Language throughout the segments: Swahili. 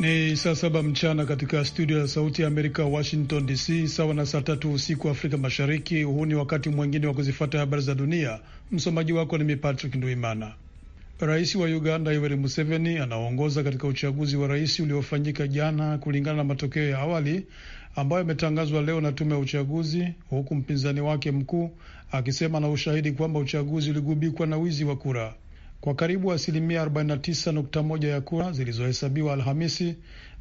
Ni saa saba mchana katika studio ya Sauti ya Amerika, Washington DC, sawa na saa tatu usiku Afrika Mashariki. Huu ni wakati mwingine wa kuzifata habari za dunia. Msomaji wako ni mi Patrick Nduimana. Rais wa Uganda Yoweri Museveni anaongoza katika uchaguzi wa rais uliofanyika jana kulingana na matokeo ya awali ambayo ametangazwa leo na tume ya uchaguzi, huku mpinzani wake mkuu akisema na ushahidi kwamba uchaguzi uligubikwa na wizi wa kura. Kwa karibu asilimia 49.1 ya kura zilizohesabiwa Alhamisi,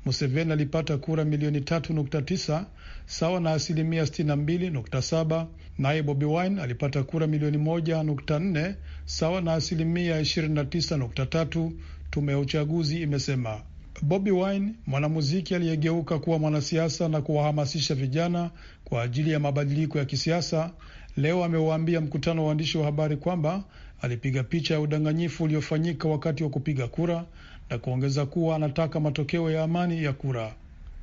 Museveni alipata kura milioni 3.9 sawa na asilimia 62.7, naye Bobi Wine alipata kura milioni 1.4 sawa na asilimia 29.3, tume ya uchaguzi imesema. Bobi Wine, mwanamuziki aliyegeuka kuwa mwanasiasa na kuwahamasisha vijana kwa ajili ya mabadiliko ya kisiasa, leo amewaambia mkutano wa waandishi wa habari kwamba alipiga picha ya udanganyifu uliofanyika wakati wa kupiga kura na kuongeza kuwa anataka matokeo ya amani ya kura.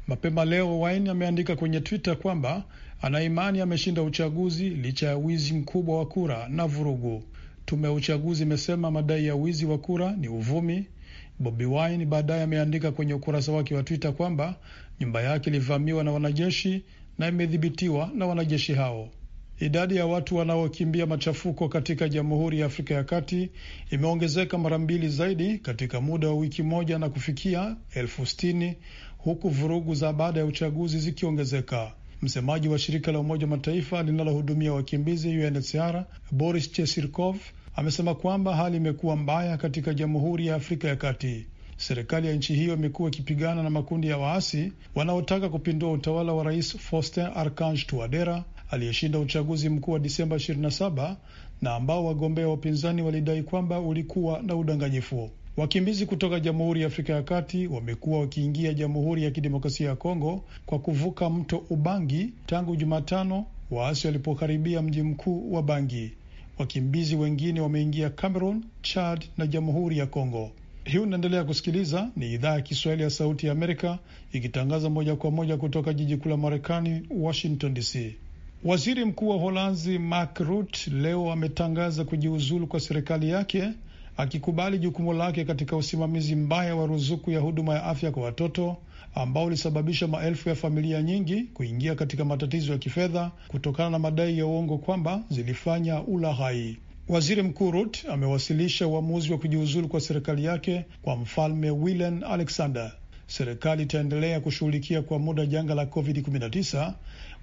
Mapema leo Wine ameandika kwenye Twitter kwamba ana imani ameshinda uchaguzi licha ya wizi mkubwa wa kura na vurugu. Tume ya uchaguzi imesema madai ya wizi wa kura ni uvumi. Bobi Wine baadaye ameandika kwenye ukurasa wake wa Twitter kwamba nyumba yake ilivamiwa na wanajeshi na imedhibitiwa na wanajeshi hao. Idadi ya watu wanaokimbia machafuko katika Jamhuri ya Afrika ya Kati imeongezeka mara mbili zaidi katika muda wa wiki moja na kufikia elfu sitini huku vurugu za baada ya uchaguzi zikiongezeka. Msemaji wa shirika la Umoja Mataifa linalohudumia wakimbizi UNHCR Boris Chesirkov amesema kwamba hali imekuwa mbaya katika Jamhuri ya Afrika ya Kati. Serikali ya nchi hiyo imekuwa ikipigana na makundi ya waasi wanaotaka kupindua utawala wa Rais Faustin Archange Touadera aliyeshinda uchaguzi mkuu wa Disemba 27 na ambao wagombea wa upinzani walidai kwamba ulikuwa na udanganyifu. Wakimbizi kutoka Jamhuri ya Afrika ya Kati wamekuwa wakiingia Jamhuri ya Kidemokrasia ya Kongo kwa kuvuka mto Ubangi tangu Jumatano waasi walipokaribia mji mkuu wa Bangi. Wakimbizi wengine wameingia Cameroon, Chad na Jamhuri ya Kongo. Hii unaendelea kusikiliza, ni idhaa ya Kiswahili ya Sauti ya Amerika ikitangaza moja kwa moja kutoka jiji kuu la Marekani, Washington DC. Waziri Mkuu wa Holanzi Mark Rutte leo ametangaza kujiuzulu kwa serikali yake akikubali jukumu lake katika usimamizi mbaya wa ruzuku ya huduma ya afya kwa watoto ambao ulisababisha maelfu ya familia nyingi kuingia katika matatizo ya kifedha kutokana na madai ya uongo kwamba zilifanya ulaghai. Waziri Mkuu Rutte amewasilisha uamuzi wa kujiuzulu kwa serikali yake kwa Mfalme Willem Alexander. Serikali itaendelea kushughulikia kwa muda janga la COVID-19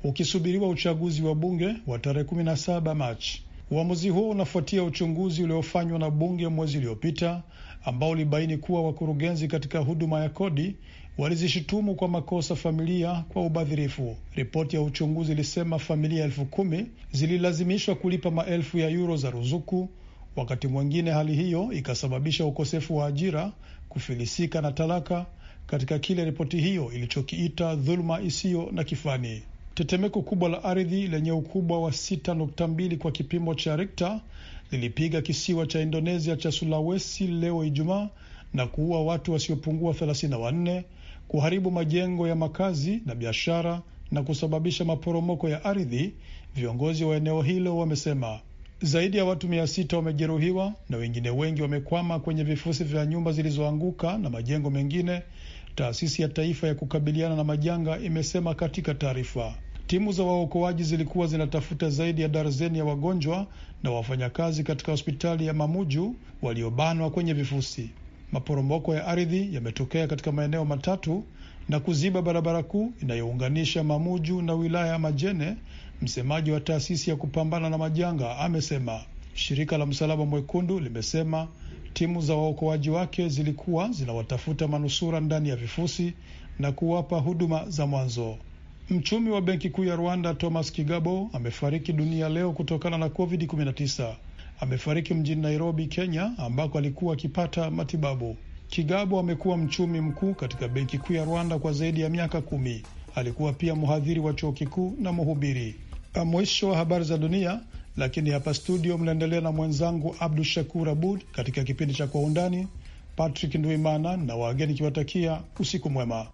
ukisubiriwa uchaguzi wa bunge wa tarehe saba Machi. Uamuzi huo unafuatia uchunguzi uliofanywa na bunge mwezi uliopita ambao ulibaini kuwa wakurugenzi katika huduma ya kodi walizishutumu kwa makosa familia kwa ubadhirifu. Ripoti ya uchunguzi ilisema familia elfu kumi zililazimishwa kulipa maelfu ya yuro za ruzuku. Wakati mwingine, hali hiyo ikasababisha ukosefu wa ajira, kufilisika na talaka, katika kile ripoti hiyo ilichokiita dhuluma isiyo na kifani. Tetemeko kubwa la ardhi lenye ukubwa wa 6.2 kwa kipimo cha Richter lilipiga kisiwa cha Indonesia cha Sulawesi leo Ijumaa na kuua watu wasiopungua 34, kuharibu majengo ya makazi na biashara na kusababisha maporomoko ya ardhi. Viongozi wa eneo hilo wamesema zaidi ya watu mia sita wamejeruhiwa na wengine wengi wamekwama kwenye vifusi vya nyumba zilizoanguka na majengo mengine taasisi ya taifa ya kukabiliana na majanga imesema katika taarifa. Timu za waokoaji zilikuwa zinatafuta zaidi ya darzeni ya wagonjwa na wafanyakazi katika hospitali ya Mamuju waliobanwa kwenye vifusi. Maporomoko ya ardhi yametokea katika maeneo matatu na kuziba barabara kuu inayounganisha Mamuju na wilaya ya Majene. Msemaji wa taasisi ya kupambana na majanga amesema shirika la Msalaba Mwekundu limesema Timu za waokoaji wake zilikuwa zinawatafuta manusura ndani ya vifusi na kuwapa huduma za mwanzo. Mchumi wa benki kuu ya Rwanda Thomas Kigabo amefariki dunia leo kutokana na COVID-19. Amefariki mjini Nairobi, Kenya, ambako alikuwa akipata matibabu. Kigabo amekuwa mchumi mkuu katika benki kuu ya Rwanda kwa zaidi ya miaka kumi. Alikuwa pia mhadhiri wa chuo kikuu na mhubiri. Mwisho wa habari za dunia lakini hapa studio mnaendelea na mwenzangu Abdu Shakur Abud katika kipindi cha Kwa Undani. Patrick Ndwimana na wageni kiwatakia usiku mwema.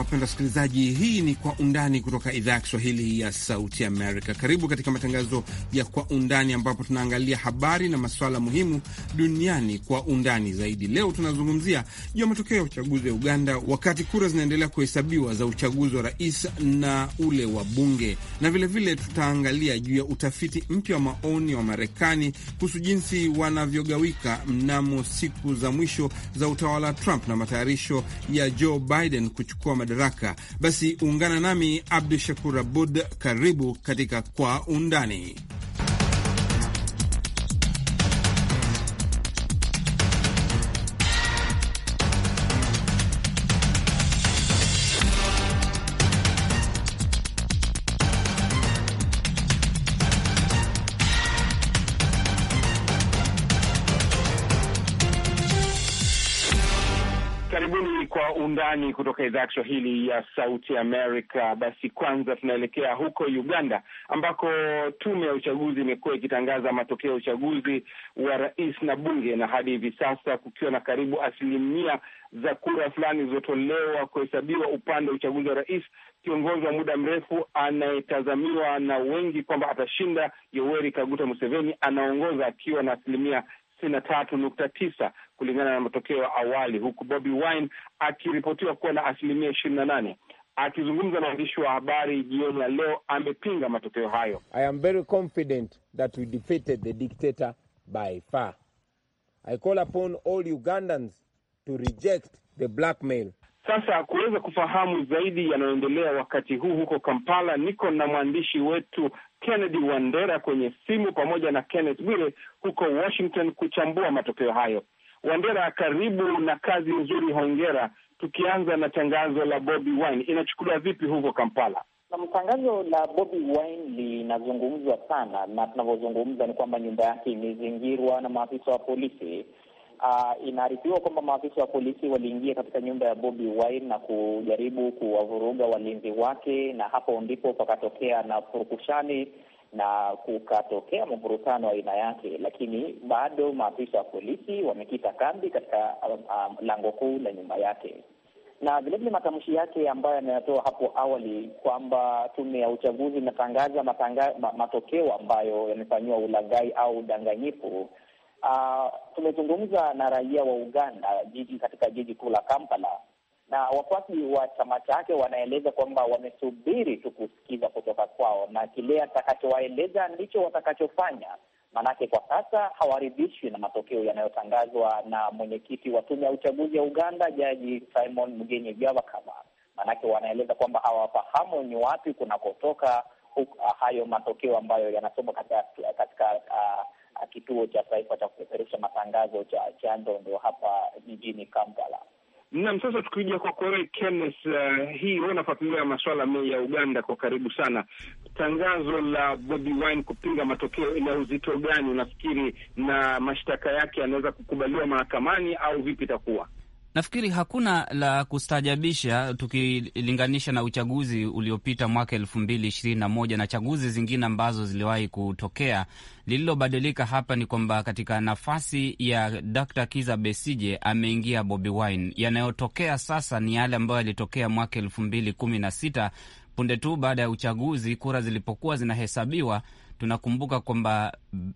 wapenda wasikilizaji, hii ni Kwa Undani kutoka idhaa ya Kiswahili ya Sauti Amerika. Karibu katika matangazo ya Kwa Undani ambapo tunaangalia habari na masuala muhimu duniani kwa undani zaidi. Leo tunazungumzia juu ya matokeo ya uchaguzi wa Uganda wakati kura zinaendelea kuhesabiwa za uchaguzi wa rais na ule wa bunge, na vilevile tutaangalia juu ya utafiti mpya wa maoni wa Marekani kuhusu jinsi wanavyogawika mnamo siku za mwisho za utawala wa Trump na matayarisho ya Joe Biden kuchukua madaraka. Basi ungana nami Abdu Shakur Abud, karibu katika Kwa Undani. undani kutoka idhaa ya Kiswahili ya Sauti Amerika. Basi kwanza tunaelekea huko Uganda ambako tume ya uchaguzi imekuwa ikitangaza matokeo ya uchaguzi wa rais na bunge, na hadi hivi sasa kukiwa na karibu asilimia za kura fulani zilizotolewa kuhesabiwa upande wa uchaguzi wa rais, kiongozi wa muda mrefu anayetazamiwa na wengi kwamba atashinda, Yoweri Kaguta Museveni anaongoza akiwa na asilimia hamsini na tatu nukta tisa kulingana na matokeo ya awali, huku Bobi Wine akiripotiwa kuwa na asilimia ishirini na nane. Akizungumza na waandishi wa habari jioni ya leo, amepinga matokeo hayo. I am very confident that we defeated the dictator by far. I call upon all Ugandans to reject the blackmail. Sasa kuweza kufahamu zaidi yanayoendelea wakati huu huko Kampala, niko na mwandishi wetu Kennedy Wandera kwenye simu pamoja na Kenneth Bwire huko Washington kuchambua matokeo hayo. Wandera, karibu na kazi nzuri, hongera. Tukianza na tangazo la Bobi Wine, inachukuliwa vipi huko Kampala? tangazo la Bobi Wine linazungumzwa sana, na tunavyozungumza ni kwamba nyumba yake imezingirwa na maafisa wa polisi Uh, ah, inaarifiwa kwamba maafisa wa polisi waliingia katika nyumba ya Bobi Wine na kujaribu kuwavuruga walinzi wake, na hapo ndipo pakatokea na furukushani na kukatokea mvurutano wa aina yake, lakini bado maafisa wa polisi wamekita kambi katika um, um, lango kuu la nyumba yake na vilevile matamshi yake ambayo yanayotoa hapo awali kwamba tume ya uchaguzi inatangaza matokeo ambayo yamefanyiwa ulaghai au udanganyifu Uh, tumezungumza na raia wa Uganda jiji katika jiji kuu la Kampala, na wafuasi wa chama chake wanaeleza kwamba wamesubiri tu kusikiza kutoka kwao, na kile atakachowaeleza ndicho watakachofanya, maanake kwa sasa hawaridhishwi na matokeo yanayotangazwa na mwenyekiti wa tume ya uchaguzi ya Uganda, Jaji Simon mgenye Byabakama. Maanake wanaeleza kwamba hawafahamu ni wapi kunakotoka ah, hayo matokeo ambayo yanasoma katika, katika uh, kituo cha taifa cha kupeperusha matangazo cha cha hapa jijini Kampala. Naam, sasa tukija kwako wewe Kenneth, uh, hii wewe unafuatilia masuala ya Uganda kwa karibu sana. Tangazo la Bobi Wine kupinga matokeo ina uzito gani unafikiri, na mashtaka yake yanaweza kukubaliwa mahakamani au vipi itakuwa? Nafikiri hakuna la kustaajabisha tukilinganisha na uchaguzi uliopita mwaka elfu mbili ishirini na moja na chaguzi zingine ambazo ziliwahi kutokea. Lililobadilika hapa ni kwamba katika nafasi ya Dr. Kiza Besije ameingia Bobi Wine. Yanayotokea sasa ni yale ambayo yalitokea mwaka elfu mbili kumi na sita punde tu baada ya uchaguzi, kura zilipokuwa zinahesabiwa. Tunakumbuka kwamba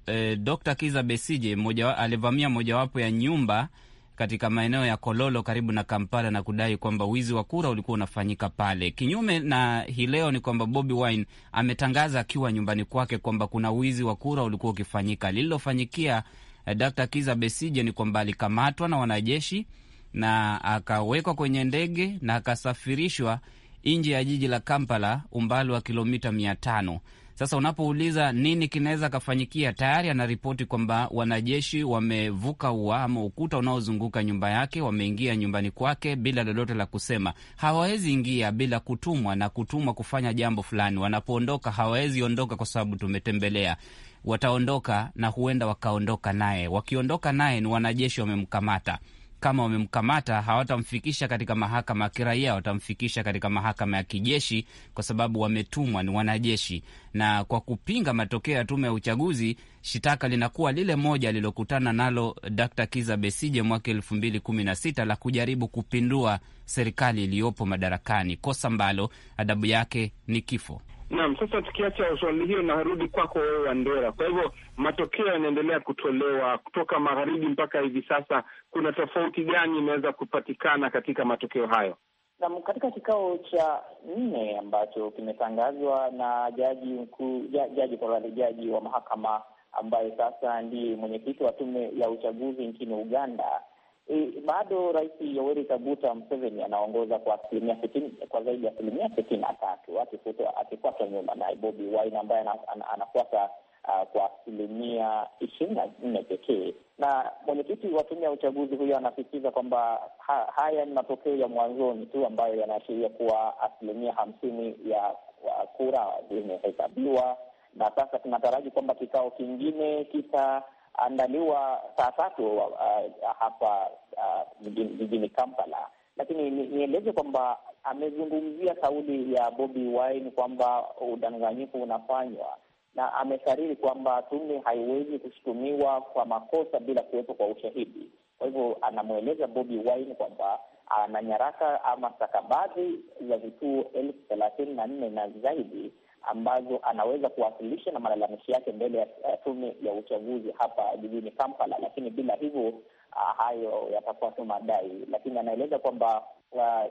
eh, Dr. Kiza Besije alivamia mojawapo ya nyumba katika maeneo ya Kololo karibu na Kampala na kudai kwamba wizi wa kura ulikuwa unafanyika pale. Kinyume na hii leo ni kwamba Bobi Wine ametangaza akiwa nyumbani kwake kwamba kuna wizi wa kura ulikuwa ukifanyika. Lililofanyikia eh, Dr. Kiza Besije ni kwamba alikamatwa na wanajeshi na akawekwa kwenye ndege na akasafirishwa nje ya jiji la Kampala umbali wa kilomita mia tano sasa unapouliza nini kinaweza kafanyikia, tayari anaripoti kwamba wanajeshi wamevuka ua ama ukuta unaozunguka nyumba yake, wameingia nyumbani kwake bila lolote la kusema. Hawawezi ingia bila kutumwa na kutumwa kufanya jambo fulani. Wanapoondoka hawawezi ondoka kwa sababu tumetembelea wataondoka na huenda wakaondoka naye. Wakiondoka naye, ni wanajeshi wamemkamata kama wamemkamata hawatamfikisha katika mahakama ya kiraia, watamfikisha katika mahakama ya kijeshi, kwa sababu wametumwa, ni wanajeshi. Na kwa kupinga matokeo ya tume ya uchaguzi, shitaka linakuwa lile moja alilokutana nalo Dkt. Kiza Besije mwaka elfu mbili kumi na sita la kujaribu kupindua serikali iliyopo madarakani, kosa ambalo adabu yake ni kifo. Naam, sasa tukiacha swali hiyo, narudi kwako wewe Wandera. Kwa hivyo matokeo yanaendelea kutolewa kutoka magharibi mpaka hivi sasa, kuna tofauti gani imeweza kupatikana katika matokeo hayo? Na katika kikao cha nne ambacho kimetangazwa na jaji mkuu jaji korali jaji wa mahakama ambaye sasa ndiye mwenyekiti wa tume ya uchaguzi nchini Uganda, e, bado Rais Yoweri Kaguta Museveni anaongoza kwa asilimia sitini, kwa zaidi ya asilimia sitini na tatu akifuatwa nyuma na Bobi Wine ambaye anafuata uh, kwa asilimia ishirini na nne pekee. Na mwenyekiti wa tume ya uchaguzi huyo anasisitiza kwamba ha, haya ni matokeo ya mwanzoni tu ambayo yanaashiria kuwa asilimia hamsini ya kura zimehesabiwa, na sasa tunataraji kwamba kikao kingine kitaandaliwa saa tatu uh, hapa uh, jijini Kampala lakini nieleze kwamba amezungumzia kauli ya Bobi Wine kwamba udanganyifu unafanywa na amekariri kwamba tume haiwezi kushutumiwa kwa makosa bila kuwepo kwa ushahidi. Kwa hivyo anamweleza Bobi Wine kwamba ana nyaraka ama stakabadhi za vituo elfu thelathini na nne na zaidi ambazo anaweza kuwasilisha na malalamishi yake mbele ya uh, tume ya uchaguzi hapa jijini Kampala, lakini bila hivyo uh, hayo yatakuwa tu madai. Lakini anaeleza kwamba uh,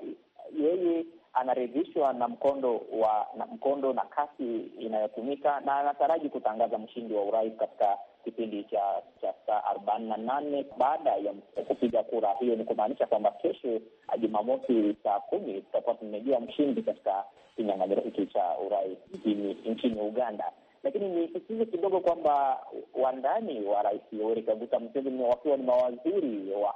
yeye anaridhishwa na mkondo wa na mkondo na kasi inayotumika na anataraji kutangaza mshindi wa urais katika kipindi cha cha saa arobaini na nane baada ya kupiga kura. Hiyo ni kumaanisha kwamba kesho ah, Jumamosi saa kumi tutakuwa tumejua mshindi katika kinyang'anyiro hiki cha urais nchini Uganda. Lakini nisisitize kidogo kwamba wandani wa rais Yoweri Kaguta Museveni wakiwa ni mawaziri wa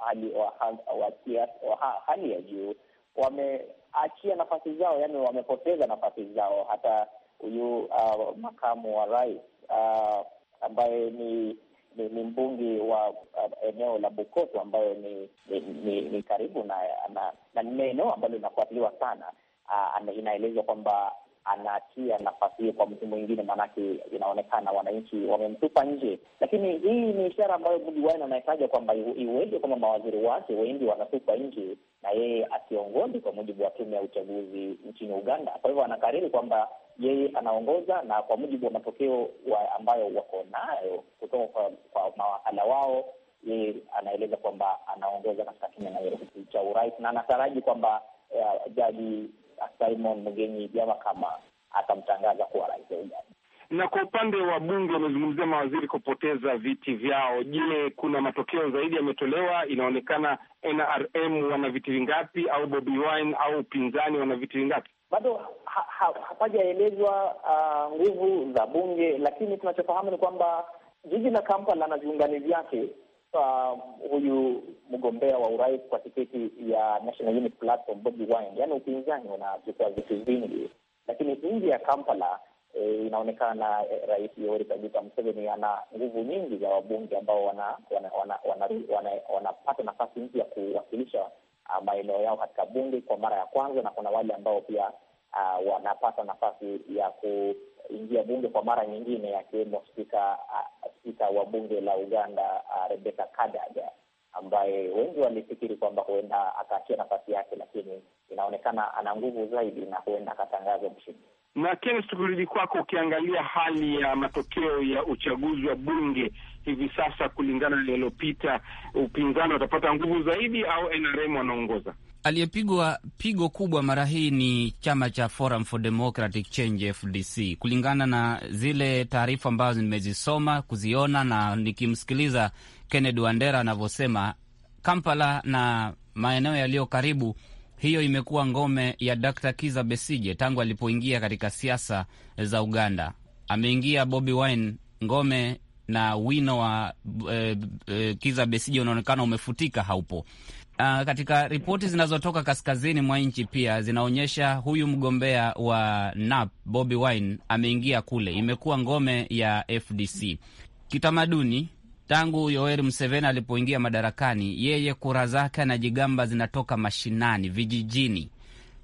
hali ya juu wame wameachia nafasi zao, yani wamepoteza nafasi zao. Hata huyu uh, makamu wa rais uh, ambaye ni ni, ni mbunge wa uh, eneo la Bukoto ambayo ni, ni, ni, ni karibu na na, na ni eneo ambalo linafuatiliwa sana uh, inaelezwa kwamba anatia nafasi hiyo kwa mtu mwingine, maanake inaonekana wananchi wamemtupa nje. Lakini hii ni ishara ambayo Bobi anahitaja kwamba iweje kwamba mawaziri wake wengi wanatupa nje na yeye asiongozi, kwa mujibu wa tume ya uchaguzi nchini Uganda. Kwa hivyo anakariri kwamba yeye anaongoza na kwa mujibu wa matokeo wa ambayo wako nayo kutoka kwa, kwa mawakala wao yeye anaeleza kwamba anaongoza katika kinyang'anyiro cha urais na anataraji kwamba uh, jaji Simon Mugenyi Byama kama atamtangaza kuwa rais wa Uganda. Na kwa upande wa bunge wamezungumzia mawaziri kupoteza viti vyao. Je, kuna matokeo zaidi yametolewa? Inaonekana NRM wana viti vingapi au Bobi Wine au upinzani wana viti vingapi? Bado ha, ha, hapajaelezwa ah, nguvu uh, za bunge, lakini tunachofahamu ni kwamba jiji la Kampala na viungani vyake uh, huyu mgombea wa urais kwa tiketi ya National Unity Platform Bobi Wine, yaani upinzani unachukua vitu vingi, lakini nje ya Kampala e, inaonekana e, Rais Yoweri Kaguta Museveni ana nguvu nyingi za wabunge ambao wanapata wana, wana, wana, wana, wana, nafasi mpya kuwakilisha ah, maeneo yao katika bunge kwa mara ya kwanza, na kuna wale ambao pia uh, wanapata nafasi ya ku ingia bunge kwa mara nyingine, akiwemo spika spika wa bunge la Uganda ah, Rebecca Kadaga ambaye wengi walifikiri kwamba huenda akaachia nafasi yake, lakini inaonekana ana nguvu zaidi na huenda akatangazwa mshindi. Na Kennes, tukirudi kwako, ukiangalia hali ya matokeo ya uchaguzi wa bunge hivi sasa kulingana na yaliyopita, upinzani watapata nguvu zaidi au NRM wanaongoza? Aliyepigwa pigo kubwa mara hii ni chama cha Forum for Democratic Change, FDC, kulingana na zile taarifa ambazo nimezisoma kuziona na nikimsikiliza Kennedy Wandera anavyosema. Kampala na maeneo yaliyo karibu hiyo imekuwa ngome ya Dr. Kiza Besije tangu alipoingia katika siasa za Uganda. Ameingia Bobi Wine, ngome na wino wa e, eh, e, eh, Kiza Besije unaonekana umefutika, haupo. Uh, katika ripoti zinazotoka kaskazini mwa nchi pia zinaonyesha huyu mgombea wa NAP Bobi Wine ameingia kule, imekuwa ngome ya FDC. Kitamaduni tangu Yoweri Museveni alipoingia madarakani, yeye kura zake anajigamba zinatoka mashinani, vijijini.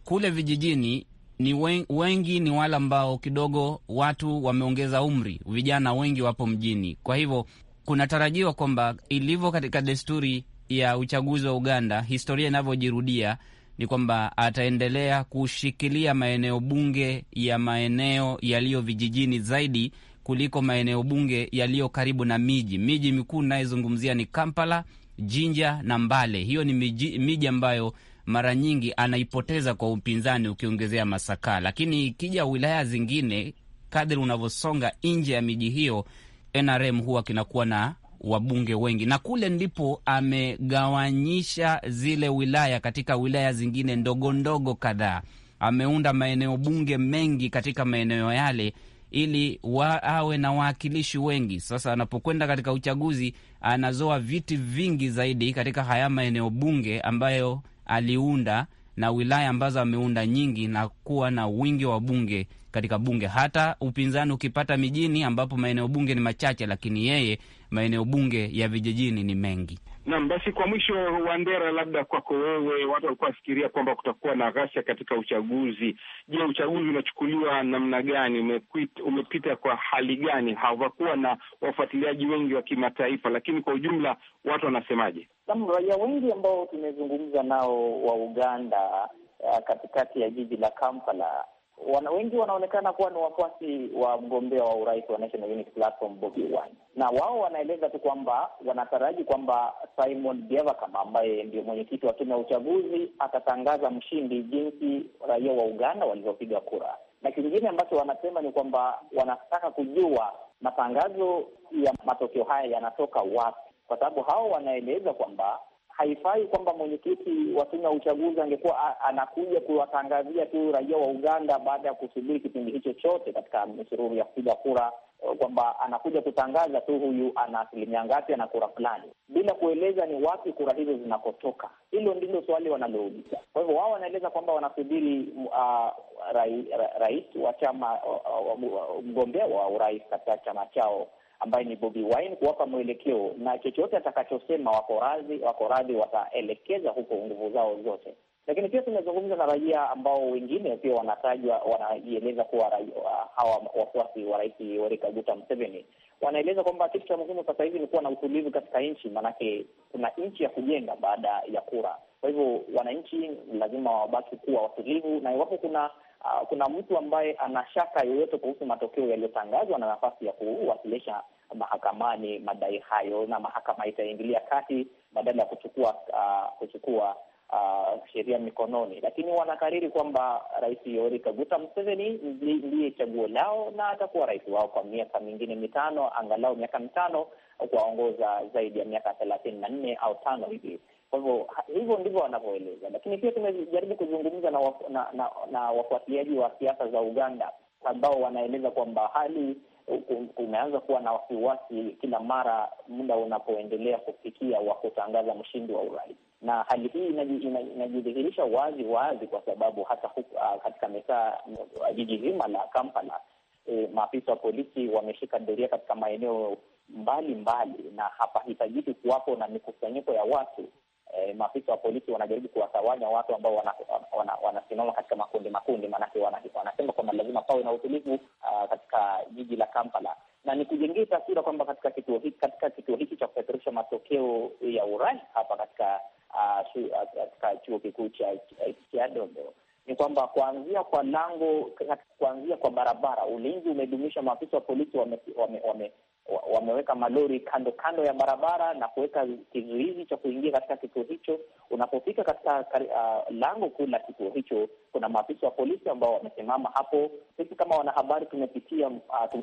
Kule vijijini ni wengi ni wale ambao kidogo watu wameongeza umri, vijana wengi wapo mjini. Kwa hivyo kunatarajiwa kwamba ilivyo katika desturi ya uchaguzi wa Uganda, historia inavyojirudia ni kwamba ataendelea kushikilia maeneo bunge ya maeneo yaliyo vijijini zaidi kuliko maeneo bunge yaliyo karibu na miji. Miji mikuu nayezungumzia ni Kampala, Jinja na Mbale. Hiyo ni miji, miji ambayo mara nyingi anaipoteza kwa upinzani ukiongezea Masaka, lakini ikija wilaya zingine, kadri unavyosonga nje ya miji hiyo, NRM huwa kinakuwa na wabunge wengi, na kule ndipo amegawanyisha zile wilaya katika wilaya zingine ndogo ndogo kadhaa. Ameunda maeneo bunge mengi katika maeneo yale ili wa, awe na wawakilishi wengi. Sasa anapokwenda katika uchaguzi anazoa viti vingi zaidi katika haya maeneo bunge ambayo aliunda na wilaya ambazo ameunda nyingi, na kuwa na wingi wa bunge katika bunge. Hata upinzani ukipata mijini, ambapo maeneo bunge ni machache, lakini yeye maeneo bunge ya vijijini ni mengi. Naam, basi kwa mwisho, Wandera, labda kwako wewe, watu walikuwa wafikiria kwamba kutakuwa na ghasia katika uchaguzi. Je, uchaguzi unachukuliwa namna gani? umepita kwa hali gani? Hawakuwa na wafuatiliaji wengi wa kimataifa, lakini kwa ujumla watu wanasemaje? Raia wengi ambao tumezungumza nao wa Uganda eh, katikati ya jiji la Kampala wana, wengi wanaonekana kuwa ni wafuasi wa mgombea wa urais wa National Unity Platform Bobi Wine, na wao wanaeleza tu kwamba wanataraji kwamba Simon Byabakama ambaye ndio mwenyekiti wa tume ya uchaguzi atatangaza mshindi jinsi raia wa Uganda walivyopiga kura. Na kingine ambacho wanasema ni kwamba wanataka kujua matangazo ya matokeo haya yanatoka wapi, kwa sababu hao wanaeleza kwamba haifai kwamba mwenyekiti wa tume ya uchaguzi angekuwa anakuja kuwatangazia tu raia wa Uganda baada ya kusubiri kipindi hicho chote katika misururu ya kupiga kura, eh, kwamba anakuja kutangaza tu huyu ana asilimia ngapi, ana kura fulani, bila kueleza ni wapi kura hizo zinakotoka. Hilo ndilo swali wanalouliza. Kwa hivyo wao wanaeleza kwamba wanasubiri uh, rais ra, ra, wa chama uh, uh, mgombea wa urais katika chama chao ambaye ni Bobi Wine kuwapa mwelekeo, na chochote atakachosema wako radhi, wako radhi, wataelekeza huko nguvu zao zote. Lakini pia tumezungumza na raia ambao wengine pia wanatajwa, wanajieleza kuwa uh, hawa wafuasi wa Rais Yoweri Kaguta Museveni, wanaeleza kwamba kitu cha muhimu sasa hivi ni kuwa na utulivu katika nchi, maanake kuna nchi ya kujenga baada ya kura. Kwa hivyo wananchi lazima wabaki kuwa watulivu, na iwapo kuna uh, kuna mtu ambaye ana shaka yoyote kuhusu matokeo yaliyotangazwa na nafasi ya kuwasilisha mahakamani madai hayo, na mahakama itaingilia kati badala ya kuchukua uh, kuchukua uh, sheria mikononi. Lakini wanakariri kwamba Rais Yoweri Kaguta Museveni ndiye chaguo lao na atakuwa rais wao kwa miaka mingine mitano, angalau miaka mitano, kuwaongoza zaidi ya miaka thelathini na nne au tano hivi. Kwa hivyo hivyo ndivyo wanavyoeleza, lakini pia tumejaribu kuzungumza na, na, na, na wafuatiliaji wa siasa za Uganda ambao wanaeleza kwamba hali kumeanza kuwa na wasiwasi kila mara muda unapoendelea kufikia wa kutangaza mshindi wa urais, na hali hii inajidhihirisha wazi wazi kwa sababu hata huku, uh, katika mitaa ah, jiji zima la Kampala e, maafisa wa polisi wameshika doria katika maeneo mbalimbali mbali, na hapahitajiki kuwapo na mikusanyiko ya watu. E, maafisa wa polisi wanajaribu kuwatawanya watu ambao wanasimama wana, wana, wana katika makundi makundi, maanake wanasema wana kwamba lazima pawe na utulivu Uh, katika jiji la Kampala, na ni kujengea taswira kwamba katika kituo hiki katika kituo hiki cha kupeperusha matokeo ya urais hapa katika uh, shu, uh, katika chuo kikuu cha Kiadondo ni kwamba kuanzia kwa lango, kuanzia kwa barabara, ulinzi umedumisha. Maafisa wa polisi wame, wame, wame, wameweka malori kando kando ya barabara na kuweka kizuizi cha kuingia katika kituo hicho. Unapofika katika uh, lango kuu la kituo hicho, kuna maafisa wa polisi ambao wamesimama hapo. Sisi kama wanahabari tumepitia uh,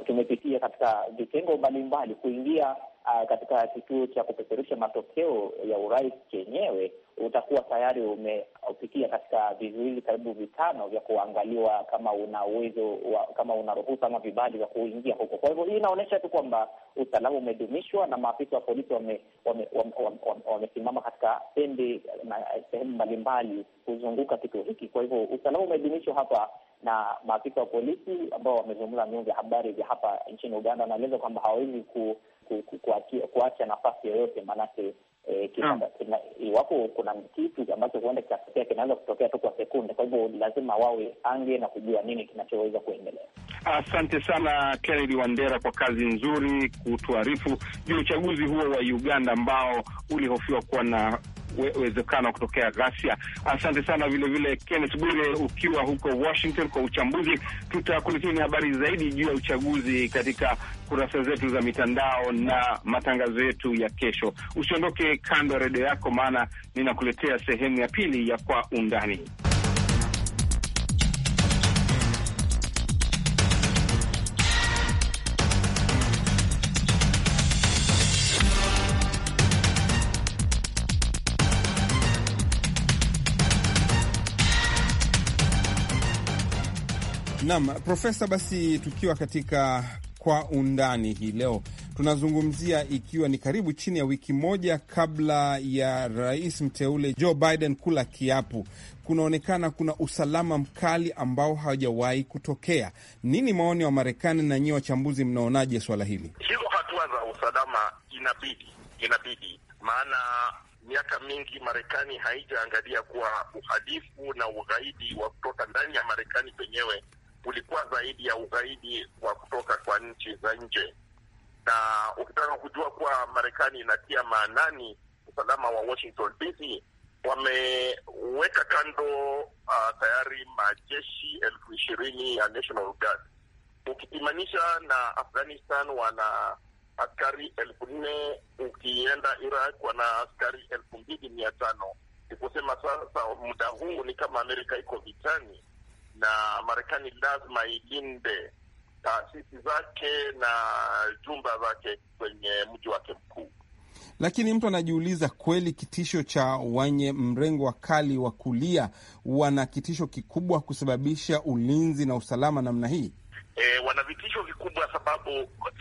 tumepitia katika vitengo mbalimbali kuingia uh, katika kituo cha kupeperusha matokeo ya urais chenyewe utakuwa tayari umepitia katika vizuizi karibu vitano vya kuangaliwa kama una uwezo kama una ruhusa ama vibali vya kuingia huko. Kwa hivyo hii inaonyesha tu kwamba usalama umedumishwa na maafisa wa polisi wamesimama katika pembe na sehemu mbalimbali kuzunguka kituo hiki. Kwa hivyo usalama umedumishwa hapa, na maafisa wa polisi ambao wamezungumza vyombo vya habari vya hapa nchini Uganda wanaeleza kwamba hawawezi ku, ku, ku, kuacha nafasi yoyote maanake E, kina, mm. kina, iwapo kuna kitu ambacho huenda kikatokea kinaweza kutokea tu kwa sekunde. Kwa hivyo lazima wawe ange na kujua nini kinachoweza kuendelea. Asante sana Kennedy Wandera kwa kazi nzuri kutuarifu juu ya uchaguzi huo wa Uganda ambao ulihofiwa kuwa na uwezekano wa kutokea ghasia. Asante sana vilevile Kenneth Bure ukiwa huko Washington kwa uchambuzi. ni habari zaidi juu ya uchaguzi katika kurasa zetu za mitandao na matangazo yetu ya kesho. Usiondoke kando ya redio yako, maana ninakuletea sehemu ya pili ya Kwa Undani. Naam, Profesa, basi tukiwa katika kwa undani hii leo tunazungumzia ikiwa ni karibu chini ya wiki moja kabla ya rais mteule Joe Biden kula kiapu, kunaonekana kuna usalama mkali ambao hawajawahi kutokea. Nini maoni wa Marekani na nyie wachambuzi, mnaonaje swala hili? Hizo hatua za usalama inabidi inabidi, maana miaka mingi Marekani haijaangalia kuwa uhalifu na ughaidi wa kutoka ndani ya Marekani penyewe ulikuwa zaidi ya ugaidi wa kutoka kwa nchi za nje, na ukitaka kujua kuwa Marekani inatia maanani usalama wa Washington DC, wameweka kando uh, tayari majeshi elfu ishirini ya National Guard. Ukiimanisha na Afghanistan wana askari elfu nne ukienda Iraq wana askari elfu mbili mia tano ni kusema sasa muda huu ni kama Amerika iko vitani na Marekani lazima ilinde taasisi zake na jumba zake kwenye mji wake mkuu. Lakini mtu anajiuliza kweli, kitisho cha wenye mrengo wa kali wa kulia wana kitisho kikubwa kusababisha ulinzi na usalama namna hii? E, wana vitisho vikubwa, sababu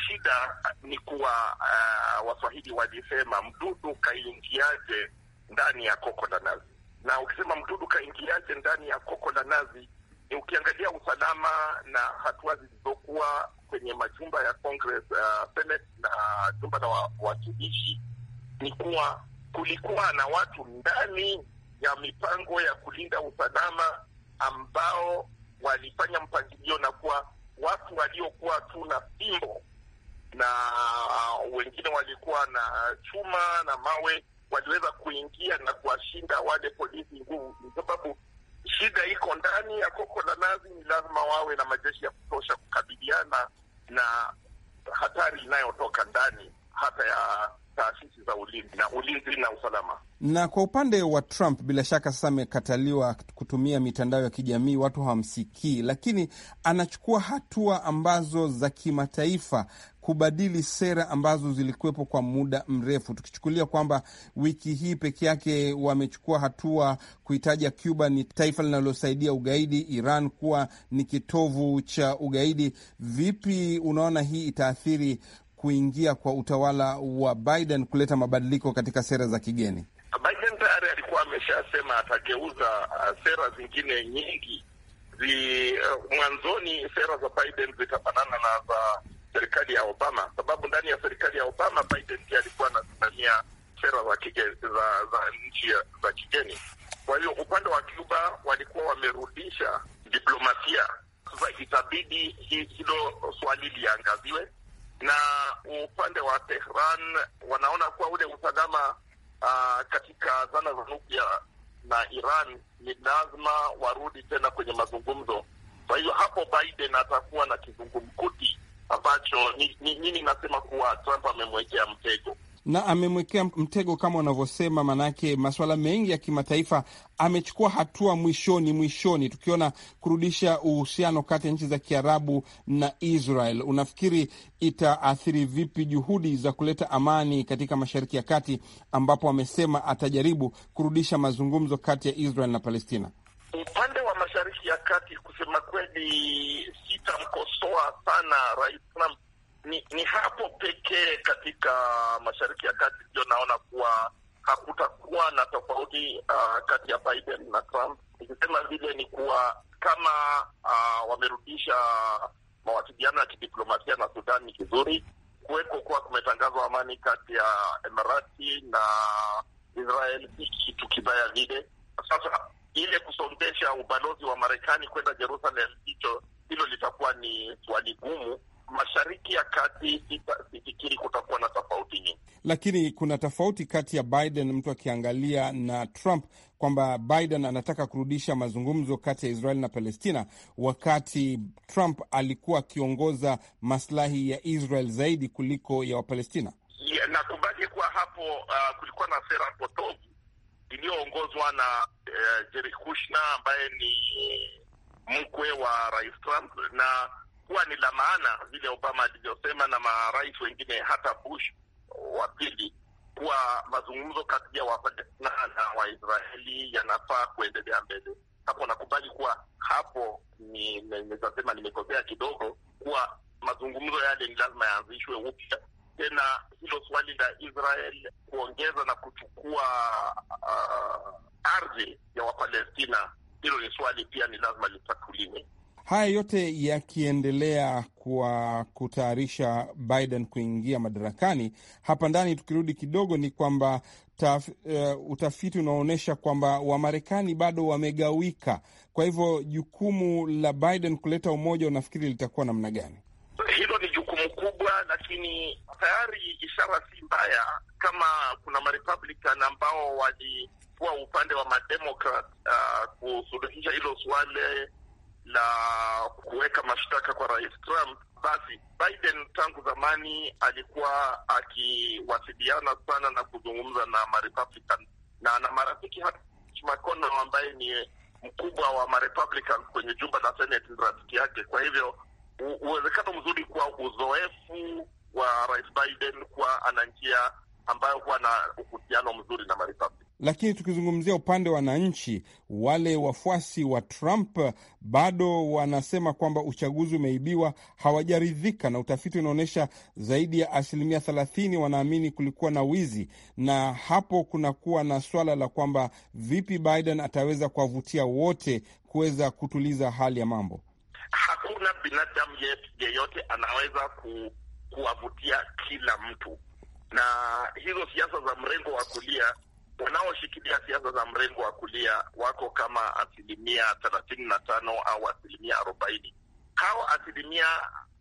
shida ni kuwa uh, Waswahili walisema mdudu kaingiaje ndani ya koko la nazi, na ukisema mdudu kaingiaje ndani ya koko la nazi ni eh, ukiangalia usalama na hatua zilizokuwa kwenye majumba ya Congress, uh, Senate na jumba la wawakilishi, ni kuwa kulikuwa na watu ndani ya mipango ya kulinda usalama ambao walifanya mpangilio na kuwa watu waliokuwa tu na fimbo na uh, wengine walikuwa na chuma na mawe waliweza kuingia na kuwashinda wale polisi nguvu, kwa sababu shida iko ndani ya koko la nazi. Ni lazima wawe na majeshi ya kutosha kukabiliana na hatari inayotoka ndani hata ya taasisi za ulinzi na ulinzi na usalama. Na kwa upande wa Trump, bila shaka sasa amekataliwa kutumia mitandao ya kijamii, watu hawamsikii, lakini anachukua hatua ambazo za kimataifa kubadili sera ambazo zilikuwepo kwa muda mrefu, tukichukulia kwamba wiki hii peke yake wamechukua hatua kuitaja Cuba ni taifa linalosaidia ugaidi, Iran kuwa ni kitovu cha ugaidi. Vipi unaona hii itaathiri kuingia kwa utawala wa Biden kuleta mabadiliko katika sera za kigeni? Biden tayari alikuwa ameshasema atageuza uh, sera zingine nyingi zi, uh, mwanzoni sera za Biden zitafanana na za serikali ya Obama, sababu ndani ya serikali ya Obama Biden pia alikuwa anasimamia sera za kigeni, za, za nchi za kigeni. Kwa hiyo upande wa Cuba walikuwa wamerudisha diplomasia. Sasa itabidi hilo swali liangaziwe na upande wa Tehran wanaona kuwa ule usalama uh, ah, katika zana za nuklia na Iran ni lazima warudi tena kwenye mazungumzo. Kwa hiyo hapo Biden atakuwa na kizungumkuti ambacho nini, ni, ni nasema kuwa Trump amemwekea mtego na amemwekea mtego kama unavyosema manake masuala mengi ya kimataifa amechukua hatua mwishoni mwishoni, tukiona kurudisha uhusiano kati ya nchi za Kiarabu na Israel. Unafikiri itaathiri vipi juhudi za kuleta amani katika Mashariki ya Kati, ambapo amesema atajaribu kurudisha mazungumzo kati ya Israel na Palestina? Upande wa Mashariki ya Kati, kusema kweli, sitamkosoa sana Rais Trump ni, ni hapo pekee katika Mashariki ya Kati ndio naona kuwa hakutakuwa na tofauti uh, kati ya Biden na Trump. Nikisema vile ni kuwa kama uh, wamerudisha mawasiliano ya kidiplomasia na Sudan ni kizuri, kuweko kuwa kumetangazwa amani kati ya Emirati na Israel si kitu kibaya vile. Sasa ile kusongesha ubalozi wa Marekani kwenda Jerusalem, hicho hilo litakuwa ni swali gumu Mashariki ya Kati sifikiri kutakuwa na tofauti nyingi, lakini kuna tofauti kati ya Biden mtu akiangalia na Trump kwamba Biden anataka kurudisha mazungumzo kati ya Israel na Palestina, wakati Trump alikuwa akiongoza maslahi ya Israel zaidi kuliko ya Wapalestina. Yeah, na kuwa hapo, uh, kulikuwa na sera potovu iliyoongozwa na uh, Jared Kushner ambaye ni eh, mkwe wa Rais Trump na kuwa ni la maana vile Obama alivyosema na marais wengine, hata Bush wa pili, kuwa mazungumzo kati ya Wapalestina na Waisraeli yanafaa kuendelea mbele. Hapo nakubali kuwa hapo nimezasema, nimekosea kidogo, kuwa mazungumzo yale ni lazima yaanzishwe upya tena. Hilo swali la Israel kuongeza na kuchukua uh, ardhi ya Wapalestina, hilo ni swali pia ni lazima litatuliwe. Haya yote yakiendelea kwa kutayarisha Biden kuingia madarakani. Hapa ndani tukirudi kidogo, ni kwamba taf, uh, utafiti unaonyesha kwamba Wamarekani bado wamegawika. Kwa hivyo jukumu la Biden kuleta umoja, unafikiri litakuwa namna gani? Hilo ni jukumu kubwa, lakini tayari ishara si mbaya, kama kuna Marepublican ambao walikuwa upande wa Mademokrat uh, ah, kusuluhisha hilo swale la kuweka mashtaka kwa Rais Trump, basi Biden tangu zamani alikuwa akiwasiliana sana na kuzungumza na Marepublican na ana marafiki hata McConnell ambaye ni mkubwa wa Marepublican kwenye jumba la Senate, rafiki yake. Kwa hivyo uwezekano mzuri kuwa uzoefu wa Rais Biden kuwa ana njia ambayo huwa na uhusiano mzuri na Marepublican. Lakini tukizungumzia upande wa wananchi, wale wafuasi wa Trump bado wanasema kwamba uchaguzi umeibiwa, hawajaridhika na utafiti unaonyesha zaidi ya asilimia thelathini wanaamini kulikuwa na wizi, na hapo kunakuwa na swala la kwamba vipi Biden ataweza kuwavutia wote kuweza kutuliza hali ya mambo. Hakuna binadamu yeyote anaweza ku, kuwavutia kila mtu, na hizo siasa za mrengo wa kulia wanaoshikilia siasa za mrengo wa kulia wako kama asilimia thelathini na tano au asilimia arobaini. hao asilimia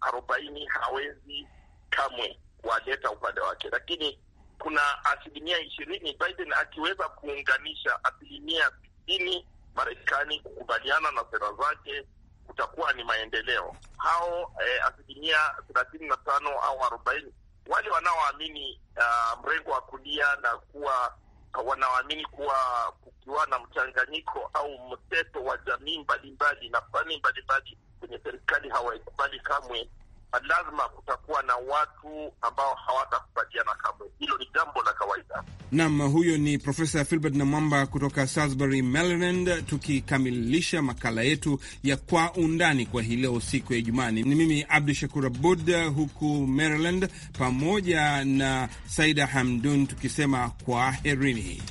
arobaini hawezi kamwe kuwaleta upande wake, lakini kuna asilimia ishirini Biden akiweza kuunganisha asilimia sitini Marekani kukubaliana na sera zake kutakuwa ni maendeleo. Hao eh, asilimia thelathini na tano au arobaini wale wanaoamini uh, mrengo wa kulia na kuwa wanaamini kuwa kukiwa na mchanganyiko au mseto wa jamii mbalimbali na fani mbalimbali kwenye serikali, hawaikubali kamwe lazima kutakuwa na watu ambao hawatakubaliana kamwe. Hilo ni jambo la kawaida. Naam, huyo ni Profesa Filbert Namwamba kutoka Salisbury, Maryland, tukikamilisha makala yetu ya Kwa Undani kwa hii leo, siku ya Ijumaa. Ni mimi Abdu Shakur Abud huku Maryland, pamoja na Saida Hamdun tukisema kwa kwaherini.